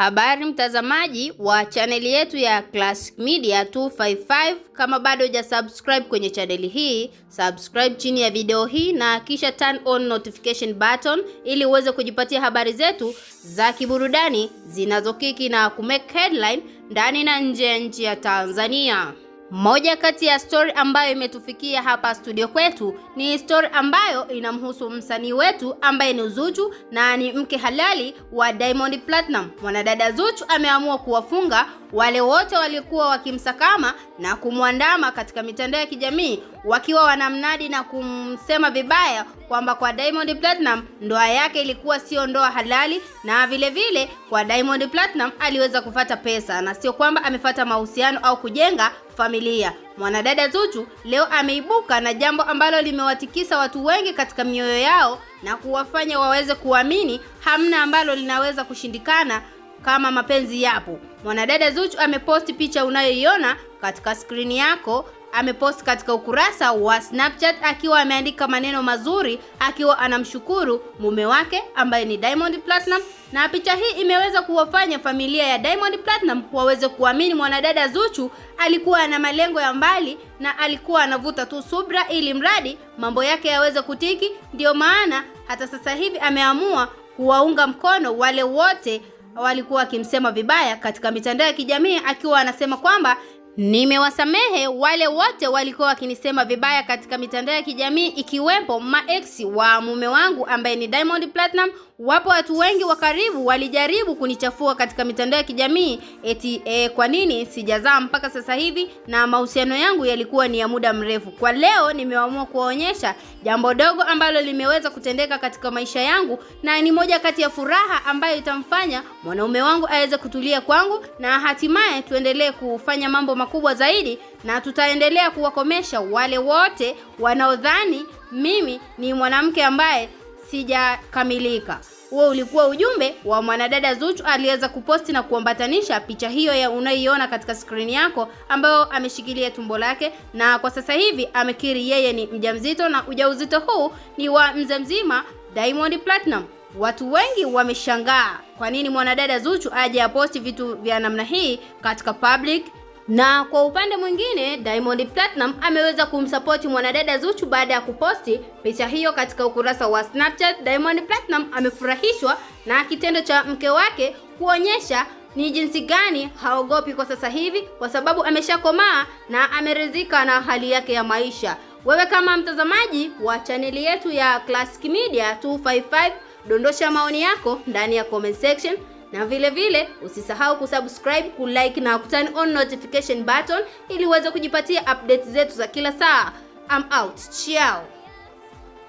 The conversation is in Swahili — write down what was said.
Habari mtazamaji wa chaneli yetu ya Classic Media 255, kama bado huja subscribe kwenye chaneli hii, subscribe chini ya video hii na kisha turn on notification button ili uweze kujipatia habari zetu za kiburudani zinazokiki na kumake headline ndani na nje ya nchi ya Tanzania. Moja kati ya stori ambayo imetufikia hapa studio kwetu ni stori ambayo inamhusu msanii wetu ambaye ni Zuchu na ni mke halali wa Diamond Platinum. Mwanadada Zuchu ameamua kuwafunga wale wote walikuwa wakimsakama na kumwandama katika mitandao ya kijamii wakiwa wanamnadi na kumsema vibaya kwamba kwa Diamond Platinum ndoa yake ilikuwa sio ndoa halali, na vilevile vile, kwa Diamond Platinum aliweza kufata pesa na sio kwamba amefata mahusiano au kujenga familia familia. Mwanadada Zuchu leo ameibuka na jambo ambalo limewatikisa watu wengi katika mioyo yao na kuwafanya waweze kuamini hamna ambalo linaweza kushindikana kama mapenzi yapo. Mwanadada Zuchu ameposti picha unayoiona katika skrini yako. Amepost katika ukurasa wa Snapchat akiwa ameandika maneno mazuri akiwa anamshukuru mume wake ambaye ni Diamond Platinum, na picha hii imeweza kuwafanya familia ya Diamond Platinum waweze kuamini mwanadada Zuchu alikuwa ana malengo ya mbali na alikuwa anavuta tu subra ili mradi mambo yake yaweze kutiki. Ndiyo maana hata sasa hivi ameamua kuwaunga mkono wale wote walikuwa wakimsema vibaya katika mitandao ya kijamii, akiwa anasema kwamba Nimewasamehe wale wote walikuwa wakinisema vibaya katika mitandao ya kijamii ikiwepo maex wa mume wangu ambaye ni Diamond Platinum. Wapo watu wengi wa karibu walijaribu kunichafua katika mitandao ya kijamii eti e, kwa nini sijazaa mpaka sasa hivi na mahusiano yangu yalikuwa ni ya muda mrefu. Kwa leo nimeamua kuwaonyesha jambo dogo ambalo limeweza kutendeka katika maisha yangu na ni moja kati ya furaha ambayo itamfanya mwanaume wangu aweze kutulia kwangu na hatimaye tuendelee kufanya mambo makubwa zaidi, na tutaendelea kuwakomesha wale wote wanaodhani mimi ni mwanamke ambaye sijakamilika. Huo ulikuwa ujumbe wa mwanadada Zuchu aliweza kuposti na kuambatanisha picha hiyo ya unayoiona katika skrini yako, ambayo ameshikilia tumbo lake, na kwa sasa hivi amekiri yeye ni mjamzito na ujauzito huu ni wa mze mzima Diamond Platinum. Watu wengi wameshangaa kwa nini mwanadada Zuchu aje aposti vitu vya namna hii katika public na kwa upande mwingine, Diamond Platinum ameweza kumsapoti mwanadada Zuchu baada ya kuposti picha hiyo katika ukurasa wa Snapchat. Diamond Platinum amefurahishwa na kitendo cha mke wake kuonyesha ni jinsi gani haogopi kwa sasa hivi kwa sababu ameshakomaa na ameridhika na hali yake ya maisha. Wewe kama mtazamaji wa chaneli yetu ya Classic Media 255, dondosha maoni yako ndani ya comment section na vile vile usisahau kusubscribe, kulike na kuturn on notification button ili uweze kujipatia updates zetu za kila saa. I'm out. Ciao.